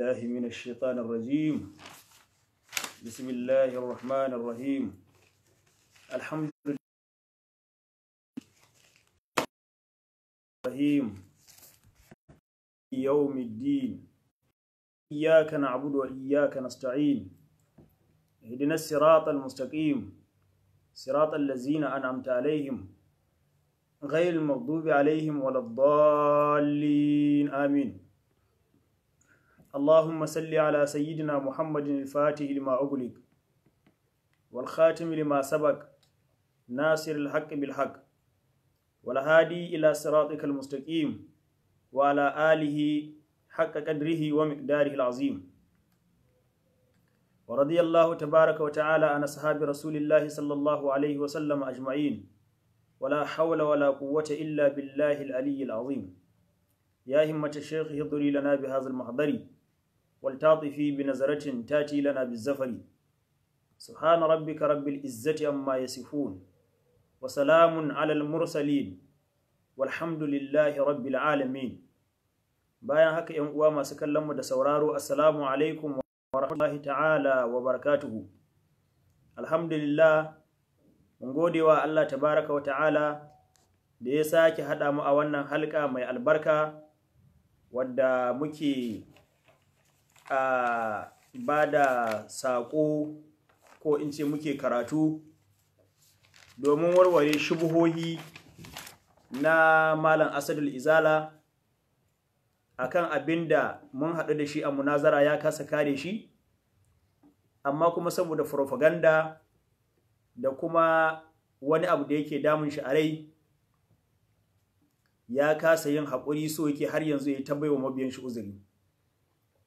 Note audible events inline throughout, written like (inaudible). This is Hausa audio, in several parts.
الله من الشيطان الرجيم بسم الله الرحمن الرحيم الحمد لله يوم الدين إياك نعبد وإياك نستعين اهدنا الصراط المستقيم صراط الذين أنعمت عليهم غير المغضوب عليهم ولا الضالين آمين اللهم صل على سيدنا محمد الفاتح لما أغلق والخاتم لما سبق ناصر الحق بالحق والهادي إلى صراطك المستقيم وعلى آله حق قدره ومقداره العظيم ورضي الله تبارك وتعالى عن أصحاب رسول الله صلى الله عليه وسلم أجمعين ولا حول ولا قوة إلا بالله العلي العظيم يا همة الشيخ اهضري لنا بهذا المحضر والتاطفي بنزرة تاتي لنا بالزفر سبحان ربك رب العزة عما يصفون وسلام على المرسلين والhamdu lillahi rabbil alamin bayan haka yan uwa masu kallon mu da sauraro assalamu alaikum wa rahmatullahi ta'ala wa barakatuhu alhamdulillah mun gode wa Allah tabaraka wa ta'ala da ya sake haɗa mu a wannan halka mai albarka wadda muke ba da saƙo ko in ce muke karatu domin warware shubuhohi na malam asadul izala akan abin da mun haɗu da shi a munazara ya kasa kare shi amma kuma saboda farfaganda da kuma wani abu da yake damun shi a rai ya kasa yin haƙuri so yake har yanzu ya tabbai wa mabiyan shi uzuri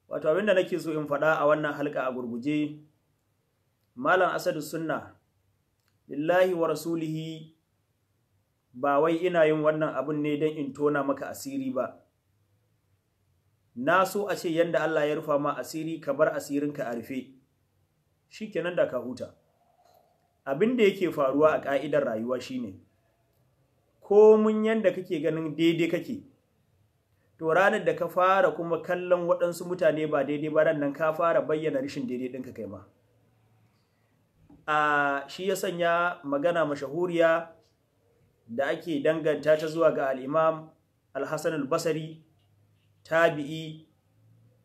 wato abinda nake so in faɗa a wannan halka a gurguje malam asadu sunna lillahi wa rasulihi ba wai ina yin wannan abun ne don in tona maka asiri ba na so a ce yadda Allah ya rufa ma asiri ka bar asirinka a rufe shi kenan da ka huta abin da yake faruwa a ƙa'idar rayuwa shine ko mun yadda kake ganin daidai kake to ranar da ka fara kuma kallon waɗansu mutane ba daidai ba ran ka fara bayyana rashin daidai ɗinka kai ma a shi ya sanya magana mashahuriya da ake danganta ta zuwa ga al'imam al-hassan al-basari tabi'i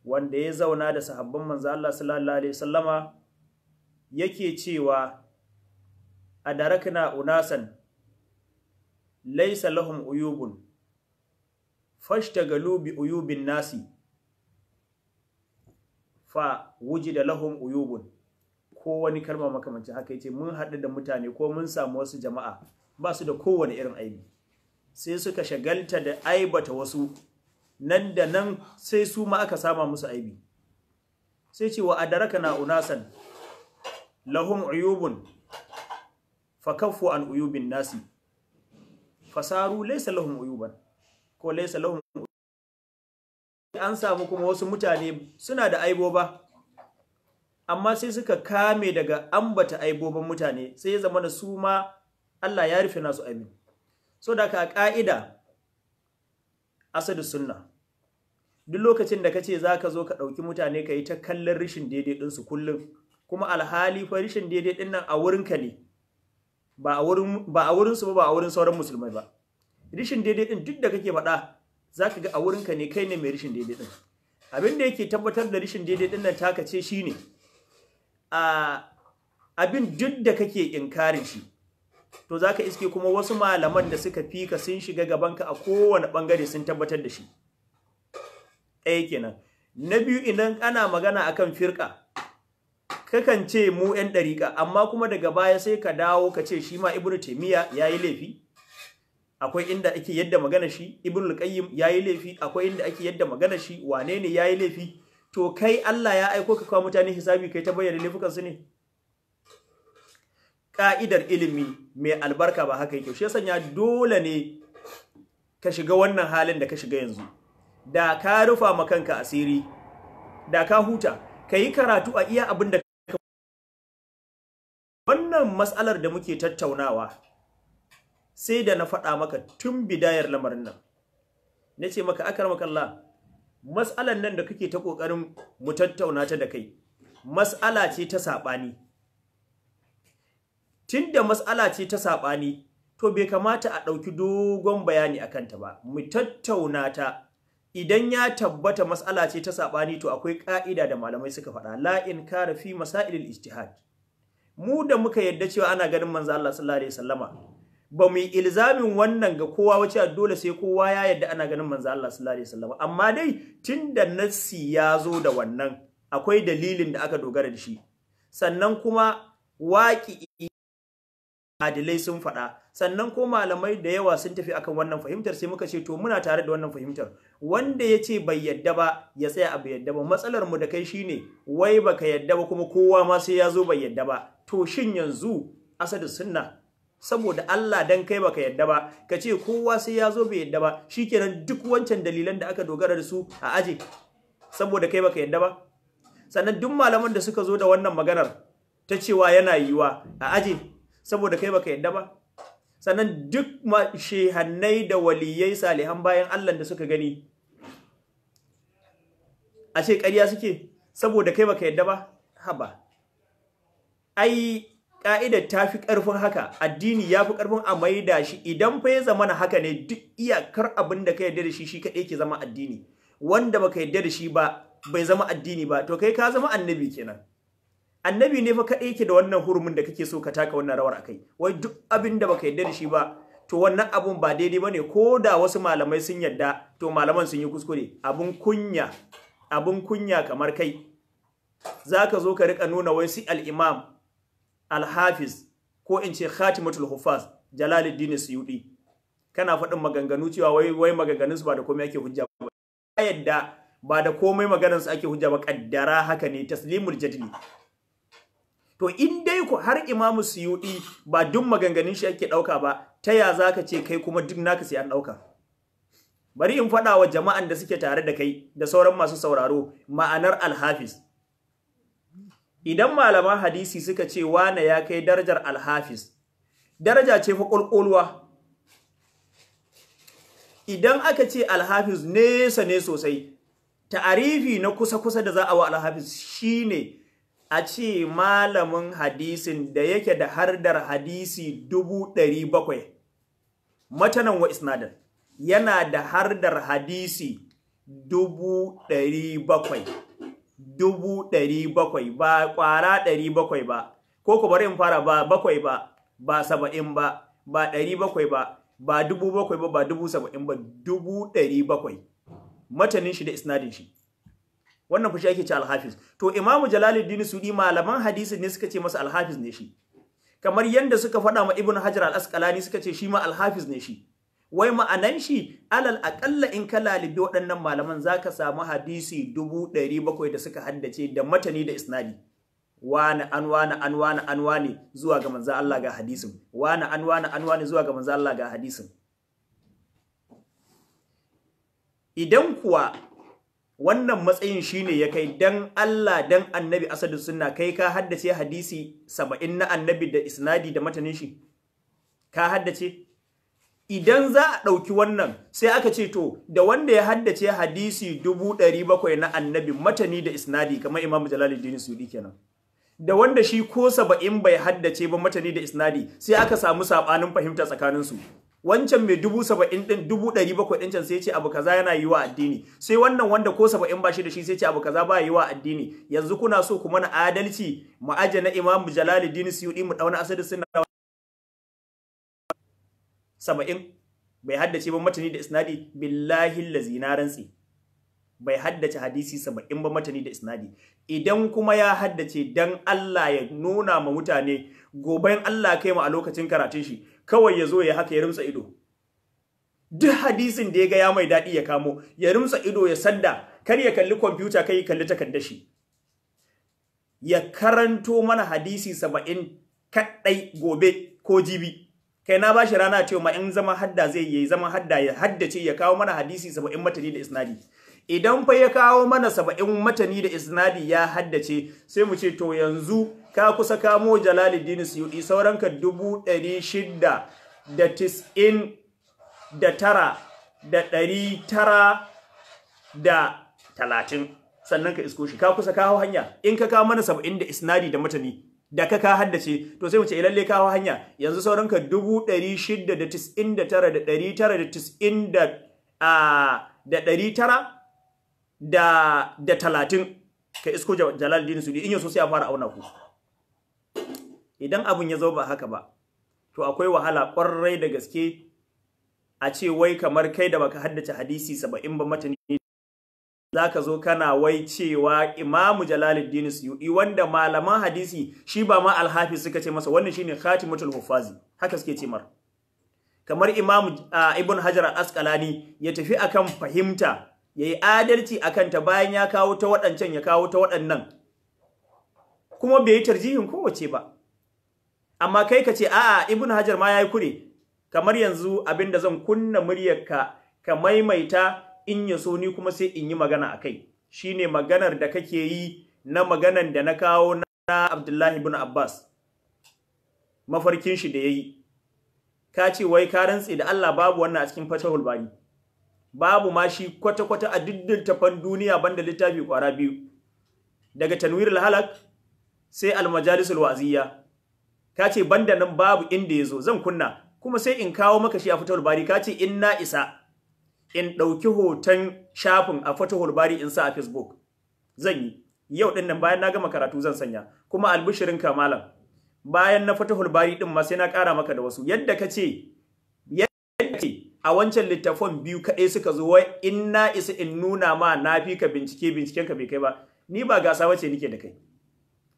wanda ya zauna da sahabban manzo Allah sallallahu alaihi wasallama yake cewa A adarakna unasan laysa lahum uyubun fashtagalu bi uyubin nasi fa da lahum uyubun ko wani kalma makamancin haka yace mun haɗu da mutane ko mun samu wasu jama'a ba su da kowane irin aibi sai suka shagalta da aibata wasu nan da nan sai su ma aka sama musu aibi sai ce wa adaraka na unasan lahum uyubun kafu an uyubin nasi fasaru laisa lahum uyuban ko laisa lahum an samu kuma wasu mutane suna da aiboba amma sai suka kame daga ambata aiboban mutane sai ya zama da su ma Allah ya rufe nasu amin so da ka ka'ida asadu sunna duk lokacin da kace zaka zo ka dauki mutane ka yi ta kallon rishin daidai din su kullum kuma alhali fa rishin daidai din nan a wurinka ne ba a wurin ba a wurin su ba a wurin sauran musulmai ba rishin daidai din duk da kake faɗa za ka ga a wurinka ne kai ne mai rishin daidai din abin da yake tabbatar da rishin daidai din nan taka ce shine a abin duk da kake inkarin shi to za ka iske kuma wasu malaman da suka fi ka sun shiga gabanka a kowane bangare sun tabbatar da shi ɗaya kenan na biyu idan ana magana akan firka kakan ce mu 'yan ɗariƙa amma kuma daga baya sai ka dawo ka ce shi ma ibnu taimiyya ya yi laifi akwai inda ake yadda magana shi ibnul qayyim yayi laifi akwai inda ake yadda magana shi wane ne yayi laifi to kai Allah ya aiko ka kawo mutane hisabi kai ta bayyana laifukan su ne ka'idar ilimi mai albarka ba haka yake shi ya dole ne ka shiga wannan halin da ka shiga yanzu da ka rufa ma kanka asiri da ka huta ka karatu a iya abin da wannan mas'alar da muke tattaunawa sai da na faɗa maka tun bidayar lamarin nan na ce maka akar makalla matsalan nan da kake ta ƙoƙarin mu tattauna ta da kai matsala ce ta saɓani tun da matsala ce ta saɓani to bai kamata a ɗauki dogon bayani a kanta ba mu tattauna ta idan ya tabbata matsala ce ta saɓani to akwai ƙa'ida da malamai suka faɗa la'in kara fi masailil ijtihad mu da muka yadda cewa ana ganin manzo Allah sallallahu alaihi wasallama ba mu yi ilzamin wannan ga kowa wace dole sai kowa ya yadda ana ganin manzo Allah sallallahu alaihi wasallam amma dai da nassi ya zo da wannan akwai dalilin da aka dogara da shi sannan kuma waki adilai sun faɗa sannan ko malamai da yawa sun tafi akan wannan fahimtar sai muka ce to muna tare da wannan fahimtar wanda ya ce bai yadda ba ya tsaya a bai yadda ba matsalar mu da kai shine wai baka yadda ba kuma kowa ma sai ya zo bai yadda ba to shin yanzu asadu sunna saboda Allah dan kai baka yadda ba ka ce kowa sai ya zo bai yadda ba shikenan duk wancan dalilan da aka dogara da su a aje saboda kai baka yadda ba sannan duk malaman da suka zo da wannan maganar ta cewa yana yiwa a aje saboda kai baka yadda ba sannan duk shehannai da waliyai salihan bayan Allah da suka gani a ce ƙarya suke saboda kai baka yadda ba haba ai ka'idar ta fi ƙarfin haka addini ya fi ƙarfin a maida shi idan fa ya zama haka ne duk iyakar abin da ka yarda da shi shi kaɗai ke zama addini wanda baka yarda da shi ba bai zama addini ba to kai ka zama annabi kenan annabi ne fa kaɗai ke da wannan hurumin da kake so ka taka wannan rawar kai. wai duk abin da baka yarda da shi ba to wannan abun ba daidai ba ne ko da wasu malamai sun yarda to malaman sun yi kuskure abun kunya abun kunya kamar kai zaka zo ka rika nuna wai si al alhafiz ko in ce khatimatul Huffas, jalaluddin suyudi kana faɗin maganganu cewa wai wai maganganun su ba da komai ake hujja ba yadda ba da komai maganarsu ake hujja ba kaddara haka ne taslimul jadli to in dai ku har imamu suyudi ba duk maganganun shi ake ɗauka ba ta ya zaka ce kai kuma duk naka sai an ɗauka bari in faɗa wa jama'an da suke tare da kai da sauran masu sauraro ma'anar alhafiz idan malaman hadisi suka ce wane ya kai darajar Alhafis, daraja ce fa ƙulƙulwa idan aka ce alhafiz nesa ne sosai ta'arifi na kusa-kusa da za a wa alhafiz shine a ce malamin hadisin da yake da hardar hadisi dubu matanan wa isnadar yana da hardar hadisi dubu bakwai dubu ɗari bakwai ba ƙwara ɗari bakwai ba ko ku bari in fara ba bakwai ba ba saba'in ba ba ɗari bakwai ba ba dubu bakwai ba ba dubu saba'in ba dubu ɗari bakwai matanin shi da isnadin shi wannan fushi ake ce alhafiz to imamu jalaluddin sudi malaman hadisi ne suka ce masa alhafiz ne shi kamar yadda suka faɗa ma ibn hajar al-asqalani suka ce shi ma alhafiz ne shi wai ma'anan shi alal aƙalla in ka lalibi waɗannan malaman za ka samu hadisi dubu ɗari bakwai da suka haddace da matani da isnadi wani an wani an wani an wani zuwa ga manzan Allah ga hadisin wani an wani an wani zuwa ga manzan Allah ga hadisin idan kuwa wannan matsayin shine ya kai dan Allah dan annabi asadu sunna kai ka haddace hadisi saba'in na annabi da isnadi da matanin shi ka haddace idan za a ɗauki wannan sai aka ce to da wanda ya haddace hadisi dubu ɗari bakwai na annabi matani da isnadi kamar imamu jalaluddin sudi kenan da wanda shi ko saba'in bai haddace ba matani da isnadi sai aka samu saɓanin fahimta tsakaninsu wancan mai dubu saba'in ɗin dubu ɗari bakwai ɗin can sai ce abu kaza yana yi wa addini sai wannan wanda ko saba'in ba shi da shi sai ce abu kaza ba yi wa addini yanzu kuna so ku mana adalci mu aje na imamu jalaluddin suyuɗi mu ɗauna asali suna saba'in bai haddace ba matani da isnadi billahi lazi na rantsi bai haddace hadisi saba'in ba matani da isnadi idan kuma ya haddace dan Allah ya nuna ma mutane goben Allah kai mu a lokacin karatun shi kawai ya zo ya haka ya rumsa ido duk hadisin da ya ga ya mai daɗi ya kamo ya rumsa ido ya sadda kar ya kalli kwamfuta kai kalli takardar shi ya karanto mana hadisi saba'in kaɗai gobe ko jibi kai na bashi rana cewa ma in zama hadda zai yi zaman hadda ya haddace ya kawo mana hadisi saba'in matani da isnadi idan fa ya kawo mana saba'in matani da isnadi ya haddace sai mu ce to yanzu ka kusa kamo Jalaluddin dubu sauranka shida da tis'in da tara da ɗari tara da talatin sannan ka isko shi ka kusa kawo hanya in ka kawo mana saba'in da isnadi da matani da ka ka haddace to sai mu ce eh, lalle kawo hanya yanzu sauran ka 699,990 da da talatin ka isko jalaluddin sudi in yaso sai a fara auna ku idan abin ya zo ba haka ba to akwai wahala kwarrai da gaske a ce wai kamar kai da baka haddace hadisi saba'in ba matani Za ka zo kana wai cewa Imam Jalaluddin Suyuti wanda malaman hadisi shi ba ma alhafi suka ce masa wannan shine Khatimatul Huffazi haka suke ce mar kamar imamu Ibn Hajar al-Asqalani ya tafi akan fahimta yayi adalci akan ta bayan ya kawo ta waɗancan ya kawo ta waɗannan kuma bai yi tarjihin kowace ba amma kai ka ce a'a Ibn Hajar ma yayi kure kamar yanzu abinda zan kunna muryarka ka maimaita in ya so ni kuma sai in yi magana a kai shine maganar da kake yi na maganan da na kawo na Abdullahi bin Abbas mafarkin shi da yayi ka ce wai ka rantse da Allah babu wannan a cikin fatahul bari babu ma shi kwata kwata a diddin tafan duniya banda littafi kwara biyu daga tanwirul halak sai Almajalisul majalisul ka ce banda nan babu inda ya zo, zan kunna kuma sai in kawo maka shi a fatahul bari ka ce inna isa in ɗauki hoton shafin a fatahul bari in sa a facebook zan yi yau ɗin nan bayan na gama karatu zan sanya kuma albishirin kamalan bayan na fatahul bari ɗin ma sai na ƙara maka da wasu yadda ka ce a wancan littafin biyu kaɗai suka zo wai in na isa in nuna ma na fi ka bincike binciken ka bai kai ba ni ba gasa bace nake da kai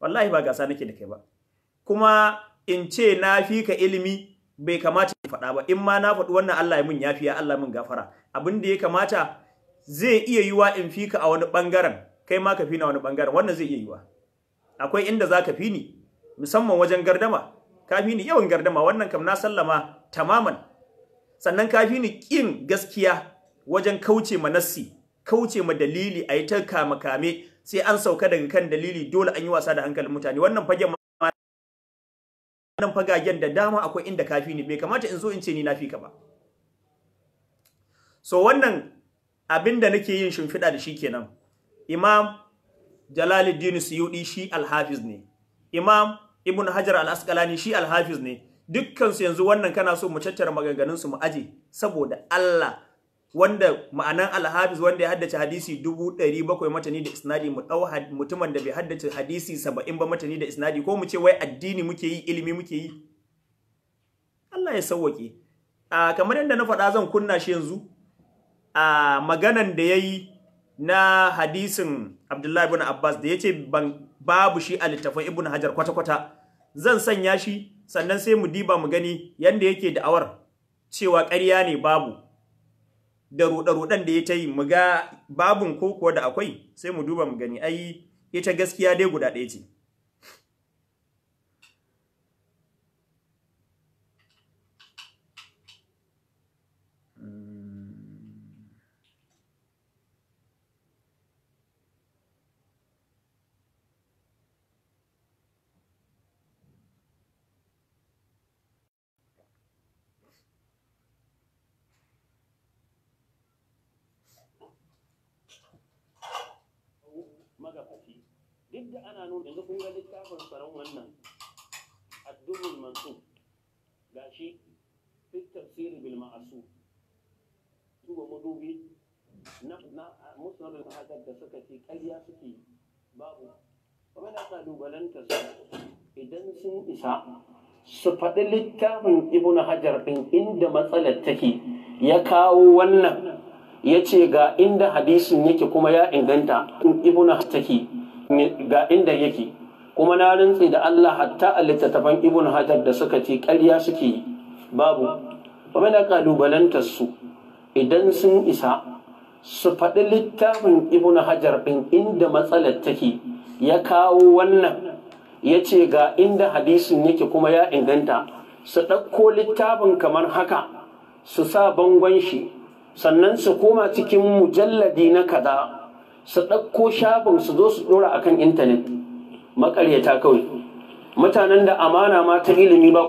wallahi ba gasa nake da kai ba kuma in ce na fi ka ilimi bai kamata in faɗa ba in ma na faɗi wannan Allah ya mun yafiya Allah mun gafara abin da ya kamata zai iya yiwa in fika a wani bangaren kai ma ka na wani bangaren wannan zai iya yiwa akwai inda za ka fi ni, musamman wajen gardama ka ni yawan gardama wannan kam na sallama tamaman sannan ka ni kin gaskiya wajen kauce ma nassi kauce ma dalili a yi ta kame sai an sauka daga kan dalili dole an yi wasa da hankalin mutane wannan fagen wannan fagagen da dama akwai inda ka ni. bai kamata in zo in ce ni na fika ba so wannan abin da nake yin shimfiɗa da shi kenan imam jalaluddin suyudi shi alhafiz ne imam ibn hajar al-asqalani shi alhafiz ne dukkansu yanzu wannan kana so mu tattara su mu aje saboda Allah wanda ma'anan alhafiz wanda ya haddace hadisi dubu ɗari bakwai matani da isnadi mu dau mutumin da bai haddace hadisi saba'in ba matani da isnadi ko mu ce wai addini muke yi ilimi muke yi Allah ya sauwaƙe ah, kamar yadda na faɗa zan kunna shi yanzu a maganan da yayi na hadisin Abdullahi ibn Abbas da ya ce babu shi a littafin Ibn Hajar kwata-kwata zan sanya shi sannan sai mu diba mu gani yadda yake da'awar cewa karya ne babu da ruɗe-ruɗen da ya ta yi mu ga babun ko kuwa da akwai sai mu duba mu gani ai ita gaskiya dai guda ɗaya ce ma'asu tuba madubi na musulun da suka ce ƙarya suke babu kuma sa su idan sun isa su faɗi littafin ibn hajar ɗin inda matsalar take ya kawo wannan ya ce ga inda hadisin yake kuma ya inganta ibn take ga inda yake kuma na rintsi da Allah hatta a littattafan ibn hajar da suka ce ƙarya suke babu kuma na su idan sun isa su faɗi littafin ibn hajar ɗin inda matsalar take ya kawo wannan ya ce ga inda hadisin yake kuma ya inganta su ɗauko littafin kamar haka su sa bangon shi sannan su koma cikin mujalladi na kaza su ɗauko shafin su zo su ɗora akan intanet maƙaryata kawai mutanen da amana ma ta ilimi ba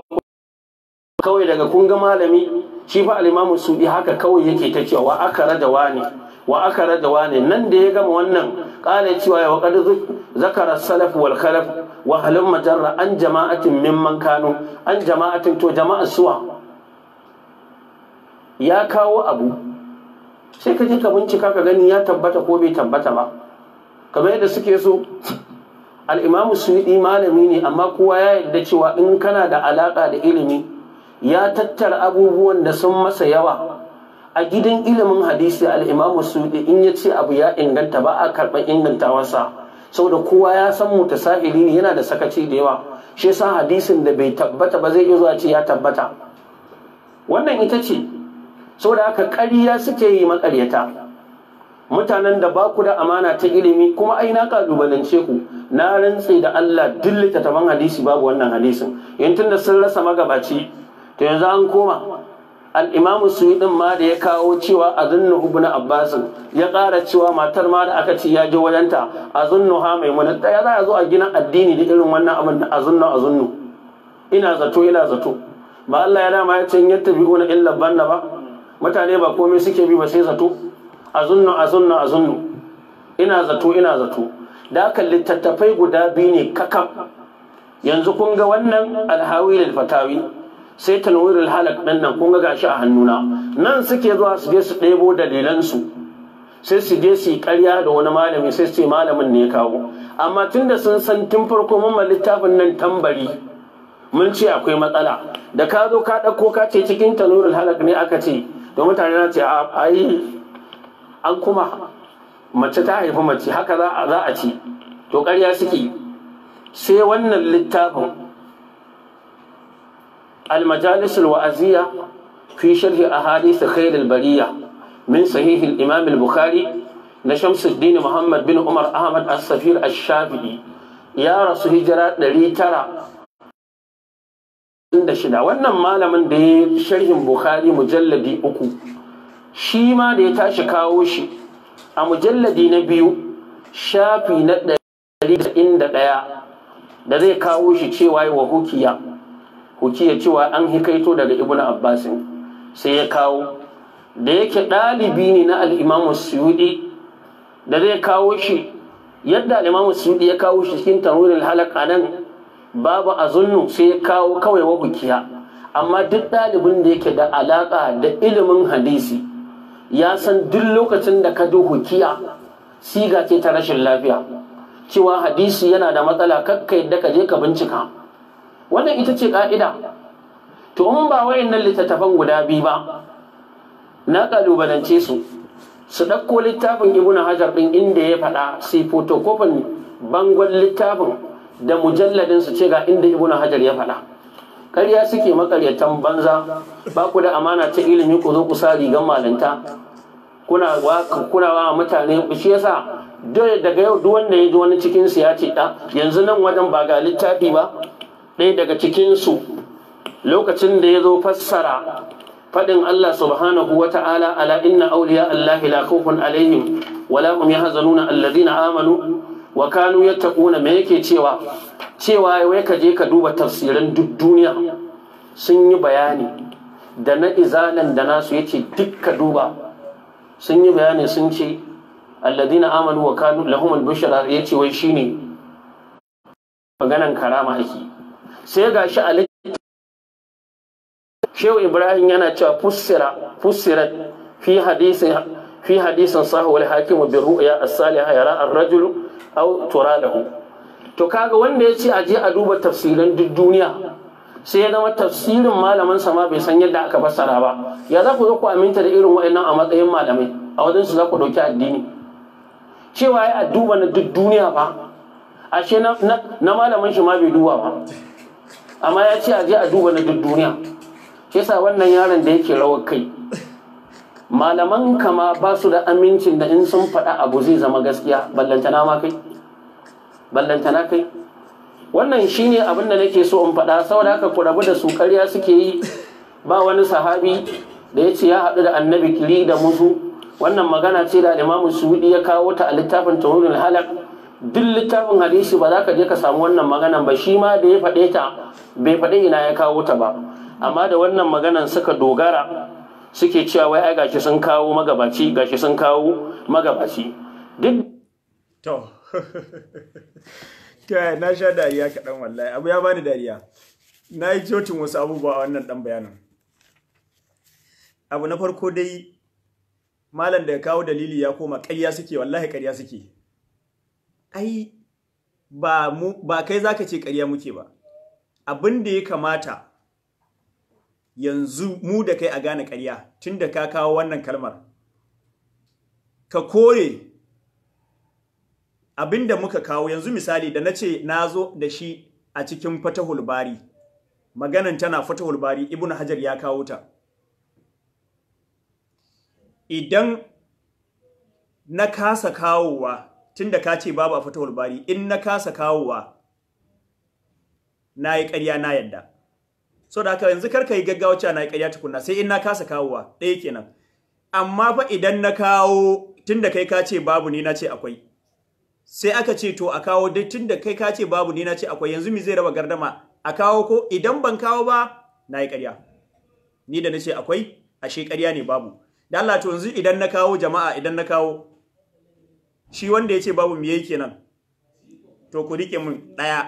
kawai daga kunga malami shi fa alimamu sudi haka kawai yake ta cewa wa da wani wa aka rada wani nan da ya gama wannan kare cewa ya waqad zakara salaf wal khalaf wa halum majarra an jama'atin mimman kanu an jama'atin to jama'a suwa ya kawo abu sai ka je ka bincika ka gani ya tabbata ko bai tabbata ba kamar yadda suke so al-imamu malami ne amma kowa ya yarda cewa in kana da alaka da ilimi ya tattara abubuwan da sun masa yawa a gidan ilimin hadisi al'imamu suɗi in ya ce abu ya inganta ba a karɓar ingantawarsa saboda kowa ya san mutasahili ne yana da sakaci da yawa shi sa hadisin da bai tabbata ba zai iya zuwa ce ya tabbata wannan ita ce saboda haka ƙarya suke yi maƙaryata mutanen da ba ku da amana ta ilimi kuma ai na kalubalance ku na rantse da Allah dillita taban hadisi babu wannan hadisin yantin da sun rasa magabaci to yanzu an koma al'imam su ma da ya kawo cewa a zunnu ibn abbasin ya ƙara cewa matar ma da aka ci ya je wajenta a zunnu ha mai muna ya za a zo a gina addini da irin wannan abin da a zunnu a zunnu ina zato ina zato ba Allah ya dama ya ce yadda bi na illa banna ba mutane ba komai suke bi ba sai zato a zunnu a zunnu a zunnu ina zato ina zato da aka littattafai guda biyu ne kakam yanzu kun ga wannan alhawi lil fatawi sai tanwirul halak ɗin nan kun ga gashi a hannuna nan suke zuwa su je su ɗebo dalilansu sai su je su yi ƙarya da wani malami sai su ce malamin ne ya kawo amma tunda sun san tun farko mun littafin nan tambari mun ce akwai matsala da ka zo ka ɗauko ka ce cikin tanurul halak ne aka ce da mutane na ce a yi an kuma mace ta haifi mace haka za a ci to ƙarya suke sai wannan littafin المجالس الوعزية في شرح أحاديث خير البرية من صحيح الإمام البخاري لشمس الدين محمد بن عمر أحمد السفير الشافعي يا رسول هجرة لليترى da shida wannan malamin da ya sharhin bukhari mujalladi uku shi ma da ya tashi kawo shi a mujalladi na biyu shafi na ɗari da ɗaya da zai kawo shi cewa wa hukiya ukiya cewa an hikaito daga ibnu abbas sai ya kawo da yake ɗalibi ne na al'imamu suyuɗi da zai kawo shi yadda al'imamu suyuɗi ya kawo shi cikin tanwirul halaka nan babu zunnu sai ya kawo kawai wa bukiya amma duk ɗalibin da yake da alaƙa da ilimin hadisi ya san duk lokacin da ka hukiya siga ce ta rashin lafiya cewa hadisi yana da matsala kakka yadda ka je ka bincika wannan ita ce ƙa'ida to in ba waɗannan littattafan guda biyu ba na ƙalubalance su su ɗauko littafin ibnu hajar ɗin inda ya faɗa sai fotokofin bangon littafin da mujalladin su ce ga inda ibnu hajar ya faɗa ƙarya suke makaryatan banza ba ku da amana ta ilimi ku zo ku sa rigar malanta kuna wa mutane shi yasa daga yau duk wanda ya ji wani cikin su ya ce ɗa? Ah, yanzu nan wajen ba ga littafi ba ɗaya daga cikinsu lokacin da ya zo fassara faɗin Allah subhanahu wa ta'ala ala inna auliya Allahi la khawfun alaihim wala hum yahzanuna alladhina amanu wa kanu yattaquna me yake cewa cewa wai ka je ka duba tafsirin duk duniya sun yi bayani da na izalan da nasu yace duk duba sun yi bayani sun ce alladhina amanu wa kanu lahum al yace wai shine maganan karama ake sai ga shi a shehu ibrahim yana cewa fussira fussirat fi hadisin fi hadisin sahawar hakim bi ru'ya as-salih yara ar-rajul aw turalahu to kaga wanda yace a je a duba tafsirin duk duniya sai ya zama tafsirin malaman sama bai san yadda aka fassara ba ya za ku zo ku aminta da irin wa'annan a matsayin malamai a wajen su za ku dauki addini cewa ya duba na duk duniya ba ashe na malaman shi ma bai duba ba amma ya ce a je a duba na duk duniya shi yasa wannan yaron da yake rawar kai malaman kama ba su da amincin da in sun faɗa abu zai zama gaskiya ballantana ma kai ballantana kai wannan shine abin da nake so in faɗa saboda haka ku rabu da su ƙarya suke yi ba wani sahabi da ya ce ya haɗu da annabi kiri da musu wannan magana ce da imamu suwudi ya kawo ta a littafin tawhidul halak duk littafin hadisi ba za ka je ka samu wannan maganan ba shi ma da ya faɗe ta bai faɗe ina ya kawo ta ba amma da wannan maganan suka dogara suke cewa wai ai gashi sun kawo magabaci gashi sun kawo magabaci duk to (laughs) to na sha dariya kaɗan wallahi abu ya bani dariya na yi jotin wasu abubuwa a wannan ɗan bayanin abu na farko dai malam da ya kawo dalili ya koma ƙarya suke wallahi ƙarya suke ai ba mu ba kai zaka ce ƙarya muke ba abin da ya kamata yanzu mu da kai a gane ƙarya tunda ka kawo wannan kalmar ka kore abin da muka kawo yanzu misali da na ce na zo da shi a cikin fatahul bari maganan tana fatahul bari ibn hajar ya kawo ta idan na kasa kawowa tunda ka ce babu a fatahul bari in na kasa kawowa na yi ƙarya na yadda so da haka yanzu karka yi gaggawa cewa na yi ƙarya tukuna sai in na kasa kawowa ɗaya kenan amma fa idan na kawo tunda kai ka ce babu ni na ce akwai sai aka ce to a kawo duk tunda kai ka ce babu ni na ce akwai yanzu mi zai raba gardama a kawo ko idan ban kawo ba na yi ƙarya ni da na ce akwai ashe ƙarya ne babu da Allah to yanzu idan na kawo jama'a idan na kawo shi wanda ya ce babu me yake nan to ku rike mun daya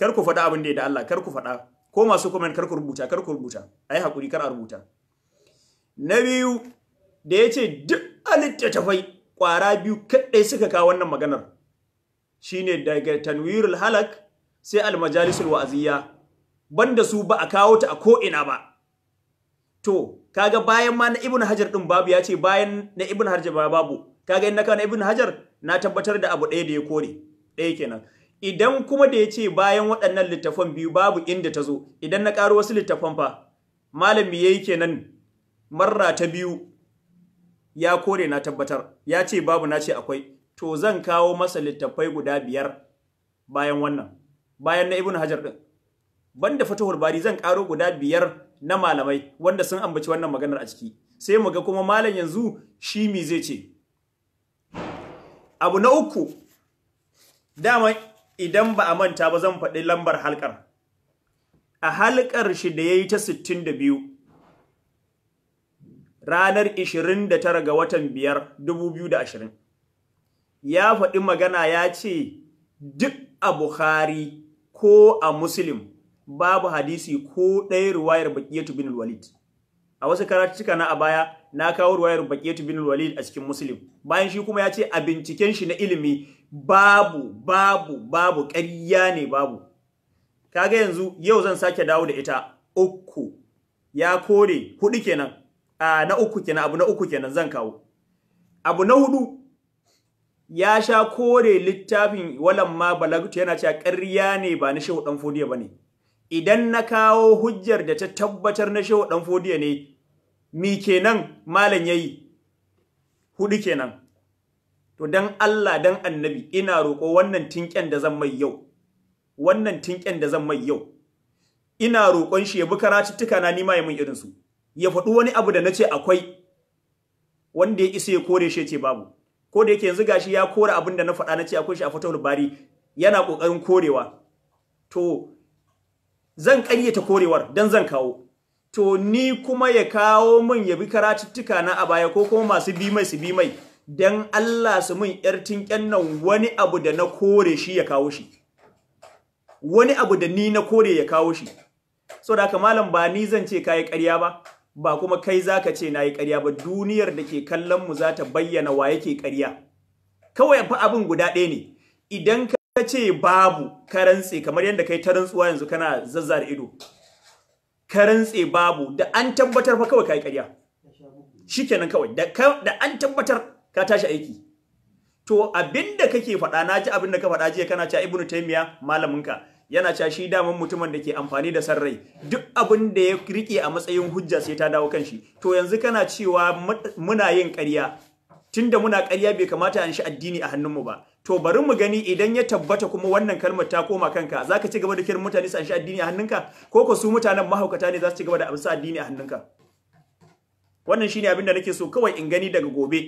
kar ku faɗa abin da ya da Allah kar ku faɗa ko masu comment kar ku rubuta kar ku rubuta ai hakuri kar a rubuta na biyu da ya ce duk alittafai kwara biyu kaɗai suka kawo wannan maganar shine daga tanwirul halak sai almajalisul wa'aziyya banda su ba a kawo ta a ko ina ba to kaga bayan ma na ibn hajar din babu ya ce bayan na ibn hajar babu kaga na kana ibn hajar na tabbatar da abu ɗaya da ya kore ɗaya kenan idan kuma da ya ce bayan waɗannan littafan biyu babu inda ta zo idan na ƙaro wasu littafan fa malami yayi kenan marra ta biyu ya kore na tabbatar ya ce babu na ce akwai to zan kawo masa littafai guda biyar bayan wannan bayan na ibn hajar din banda fatahul bari zan karo guda biyar na malamai wanda sun ambaci wannan maganar a ciki sai mu ga kuma malam yanzu shi mi zai ce abu na uku dama idan ba a manta ba zan faɗi lambar halkar a halkar shi da ya yi ta 62 ranar 29 ga watan 5 2020 ya faɗi magana ya ce duk a Buhari ko a Muslim babu hadisi ko ɗaya ruwayar Baqiyatu bin Walid a wasu karatuka na a baya na kawo ruwayar Baqiyatu bin Walid a cikin Muslim bayan shi kuma ya ce a binciken shi na ilimi babu babu babu ƙarya ne babu kaga yanzu yau zan sake dawo da ita uku ya kore hudu kenan a na uku kenan abu na uku kenan zan kawo abu na hudu ya sha kore littafin walan ma balagtu yana cewa ƙarya ne ba na shehu dan fodiya bane idan na kawo hujjar da ta tabbatar na shehu dan fodiya ne mi kenan malam yayi hudu kenan to dan Allah dan annabi ina roƙo wannan tinken da zan mai yau wannan tinken da zan mai yau ina roƙon shi ya bi karatuttuka na nima ya mun irin su ya faɗi wani abu da nace akwai wanda ya isa ya kore shi ce babu ko da yake yanzu gashi ya kore abin da na faɗa nace akwai shi a fatawul bari yana ƙoƙarin korewa to zan ƙaryata korewar dan zan kawo to ni kuma ya kawo min ya bi karatuttuka na a baya ko kuma masu bi mai su bi mai dan Allah su min yar tinken wani abu da na kore shi ya kawo shi wani abu da ni na kore ya kawo shi so da haka malam ba ni zan ce kai ƙarya ba ba kuma kai zaka ce nayi karya ba duniyar da ke kallon mu za ta bayyana wa yake ƙarya kawai fa abin guda ɗaya ne idan ka ce babu karantse kamar yadda kai ta rantsuwa yanzu kana zazzar ido ka rantse babu da an tabbatar fa kawai kai ƙarya shikenan kawai da an tabbatar ka tashi aiki to abinda kake faɗa na ji abinda ka faɗa jiya kana cewa ibnu taymiya malaminka yana cewa shi daman mutumin da ke amfani da san rai duk abin da ya rike a matsayin hujja sai ta dawo kan shi to yanzu kana cewa muna yin ƙarya tunda muna ƙarya bai kamata an shi addini a hannunmu ba to bari mu gani idan ya tabbata kuma wannan kalmar ta koma kanka zaka ci gaba da kiran mutane su anshi addini a hannunka ko ko su mutanen mahaukata ne za su ci gaba da amsa addini a hannunka wannan shine abin da nake so kawai in gani daga gobe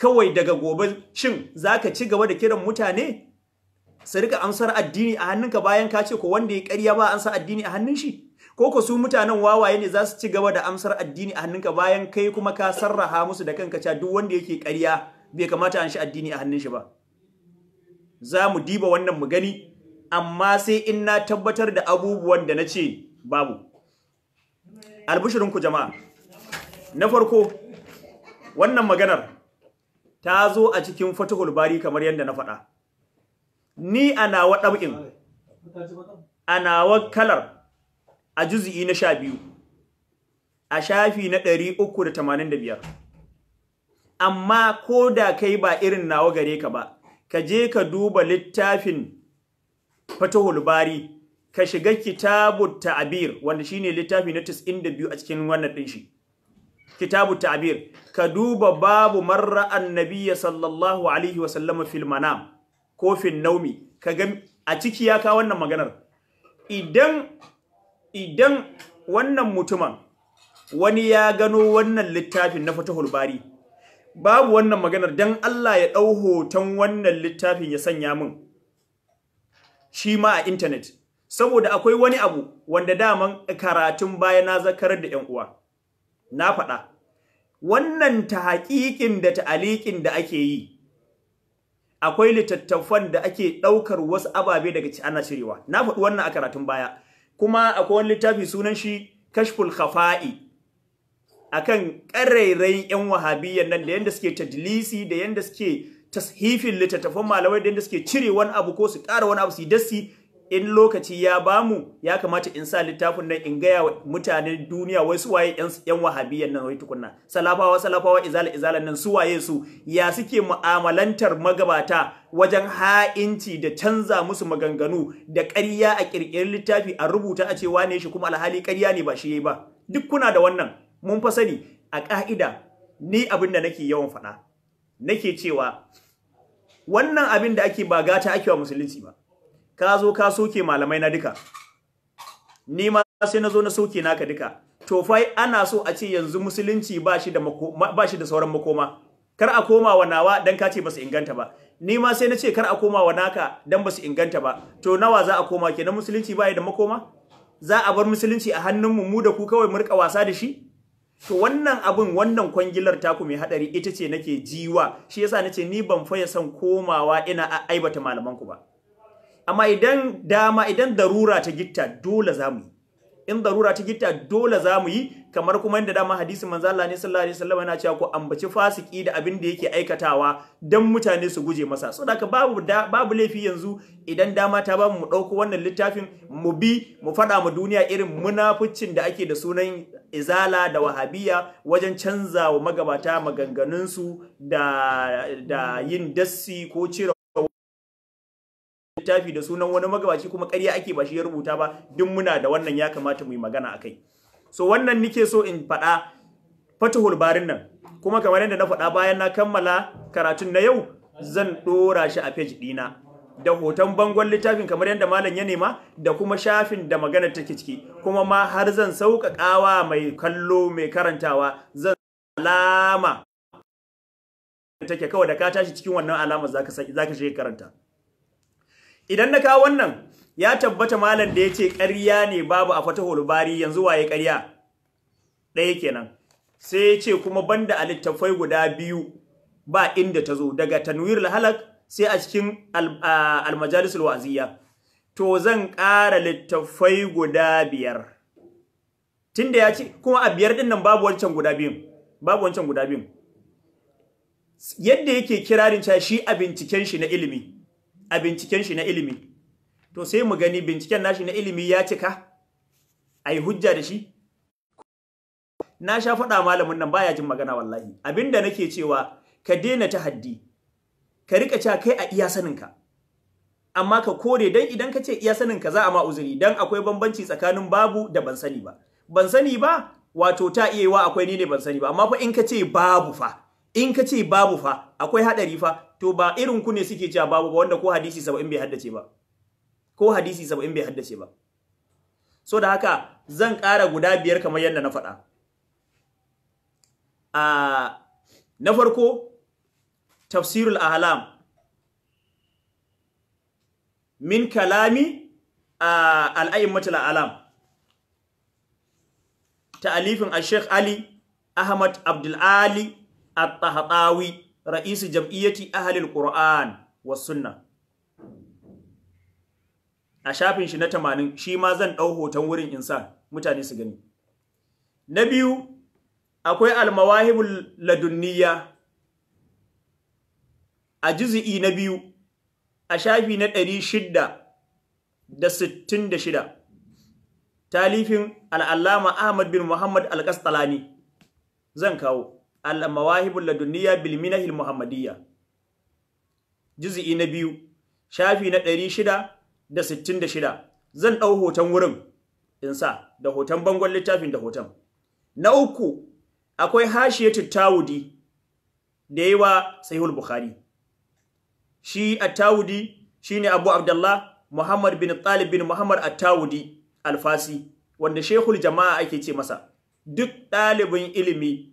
kawai daga gobe shin zaka ci gaba da kiran mutane su rika amsar addini a hannunka bayan ka ce ko wanda ya karya ba amsar addini a hannun shi ko ko su mutanen wawaye ne za su ci gaba da amsar addini a hannunka bayan kai kuma ka sarraha musu da kanka cewa duk wanda yake ƙarya bai kamata an shi addini a hannun shi ba za mu diba wannan mu gani amma sai in na tabbatar da abubuwan da na ce babu albushirinku jama'a na farko wannan maganar ta zo a cikin fatihul bari kamar yadda na faɗa ni a nawa ɗab'in a nawa kalar a juzi'i na sha biyu a shafi na ɗari uku da tamanin da biyar amma ko da kai ba irin nawa gare ka ba ka je ka duba littafin fatahul bari ka shiga kitabu ta'bir wanda shine littafi na 92 a cikin wannan din shi kitabu ta'bir ka duba babu marra annabiyya sallallahu alaihi wa sallam fil manam ko fil naumi a ciki ya ka wannan maganar idan wannan mutumin wani ya gano wannan littafin na fatahul bari babu wannan maganar dan Allah ya ɗau hoton wannan littafin ya sanya min shi ma a intanet saboda akwai wani abu wanda daman karatun baya na zakarar da 'yan uwa na faɗa wannan ta haƙiƙin da ta ta'aliƙin da ake yi akwai littattafan da ake ɗaukar wasu ababe daga ana cirewa na faɗi wannan a karatun baya kuma akwai wani littafi sunan shi kashful khafa'i akan karairayin 'yan wahabiyan nan da yadda suke tadlisi da yadda suke tashifin littattafan malamai da yadda suke cire wani abu ko su ƙara wani abu su dasi in lokaci ya bamu ya kamata in sa littafin nan in gaya mutanen duniya wai su waye 'yan wahabiyan nan wai tukunna salafawa salafawa izala izala nan su waye su ya suke mu'amalantar magabata wajen ha'inci da canza musu maganganu da ƙarya a ƙirƙirin littafi a rubuta a cewa wane shi kuma alhali ƙarya ne ba shi ba duk kuna da wannan mun fa sani a ƙa'ida ni abin da nake yawan faɗa nake cewa wannan abin da ake bagata ake wa musulunci ba ka zo ka soke malamai na duka ni ma sai na zo na soke naka duka to fa ana so a ce yanzu musulunci ba shi da ba shi da sauran makoma kar a koma wa nawa dan ka ce ba su inganta ba ni ma sai na ce kar a koma wa naka dan ba inganta ba to nawa za a koma kenan musulunci ba da makoma za a bar musulunci a hannunmu mu mu da ku kawai mu rika wasa da shi to wannan abin wannan kwangilar taku mai hadari ita ce nake jiwa shi yasa nace ni ban faya son komawa ina aibata malaman ku ba amma idan dama idan darura ta gitta dole zamu yi in darura ta gita dole za mu yi kamar kuma yadda dama hadisin manzo Allah ne sallallahu alaihi wasallam yana cewa ko ambaci fasiki da abin da yake aikatawa dan mutane su guje masa so da babu babu laifi yanzu idan dama ta bamu mu dauko wannan littafin mu bi mu fada mu duniya irin munafucin da ake da sunan izala da wahabiya wajen canza wa magabata maganganun su da da yin dassi ko cire littafi da sunan wani magabaci kuma ƙarya ake ba shi ya rubuta ba duk muna da wannan ya kamata mu yi magana a kai so wannan nike so in faɗa fatuhul barin nan kuma kamar yadda na faɗa bayan na kammala karatun na yau zan ɗora shi a page ɗina da hoton bangon littafin kamar yadda malam ya nema da kuma shafin da magana take ciki kuma ma har zan sauƙaƙawa mai kallo mai karantawa zan alama take kawai da ka tashi cikin wannan alama zaka zaka shi karanta idan na kawo wannan ya tabbata malam da ya ce ƙarya ne babu a fatahul bari yanzu waye ƙarya ɗaya kenan sai ya ce kuma banda a littafai guda biyu ba inda ta zo daga tanwir halak sai a cikin almajalisul wa'aziyya to zan ƙara littafai guda biyar tunda ya ce kuma a biyar din nan babu wancan guda biyun babu wancan guda biyun yadda yake kirarin cewa shi a binciken shi na ilimi a binciken shi na ilimi to sai mu gani binciken nashi na ilimi ya cika a yi hujja da shi na sha faɗa malamin nan baya jin magana wallahi abinda nake cewa ka daina ta haddi ka rika cewa kai a iya saninka amma ka kore dan idan ka ce iya saninka za a ma uzuri dan akwai bambanci tsakanin babu da ban sani ba ban sani ba wato ta iya wa akwai ni ne ban sani ba amma fa in ka ce babu fa in ka ce babu fa akwai hadari fa to ba irin ku ne suke cewa babu ba wanda ko hadisi 70 bai haddace ba ko hadisi 70 bai haddace ba so da haka zan ƙara guda biyar kamar yadda na faɗa a na farko tafsirul ahlam min kalami al-a'immatul alam ta'alifin al-sheikh ali ahmad abdul ali at-tahtawi ra'isu jam'iyyati ahlil qur'an was sunna a shafin shi na tamanin, shi ma zan ɗau hoton wurin insa mutane su gani na biyu akwai al-mawahibul ladunniya a juz'i na biyu a shafi na da da sittin shida, talifin al'alama Ahmad bin Muhammad al zan kawo al-mawahibul ladunniya bil minahil muhammadiyya juz'i na biyu shafi na ɗari shida da da sittin shida. zan ɗau hoton wurin in sa da hoton bangon littafin da hoton na uku akwai hashiyatu tawudi da yawa sahihul bukhari shi a tawudi shine abu abdullah muhammad bin talib bin muhammad a tawudi Alfasi, wanda shehul jama'a ake ce masa duk ɗalibin ilimi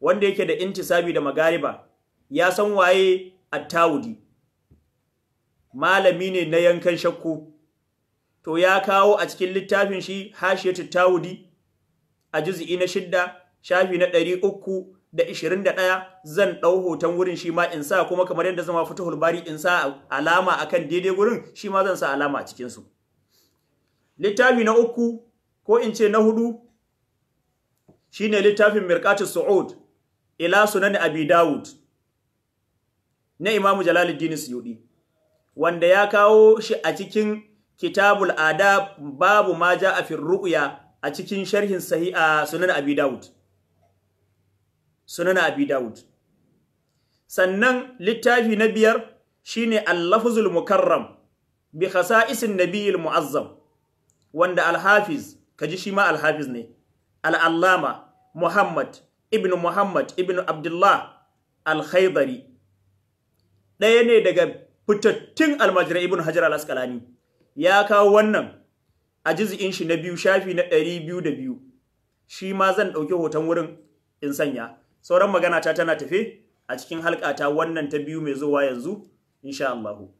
wanda yake da intisabi da magariba ya san waye attawudi malami ne na yankan shakku to ya kawo a cikin littafin shi hashiyatu tawudi a juz'i na shidda shafi na ɗari uku da ishirin da ɗaya zan ɗau hoton wurin shi ma in sa kuma kamar yadda zama fitahul bari in sa alama akan daidai wurin shi ma zan sa alama a cikinsu littafi na uku ko in ce na hudu shine littafin mirqatus su'ud ila sunan abi dawud na imamu jalaluddin suyudi wanda ya kawo shi a cikin kitabul adab babu ma ja a ru'ya a cikin sharhin sahiha sunan abi dawud sunan abi dawud sannan littafi na biyar shine al-lafzul mukarram bi khasa'isin nabiyil mu'azzam wanda al-hafiz kaji shi ma al-hafiz ne al-allama muhammad ibn Muhammad ibn Abdullah al ɗaya ne daga fitattun almajirai ibn Hajar al-Asqalani ya kawo wannan a juz'in shi na biyu shafi na ɗari biyu da biyu shi ma zan ɗauki hoton wurin in sanya sauran magana ta tana tafe a cikin halƙata wannan ta biyu mai zuwa yanzu insha Allahu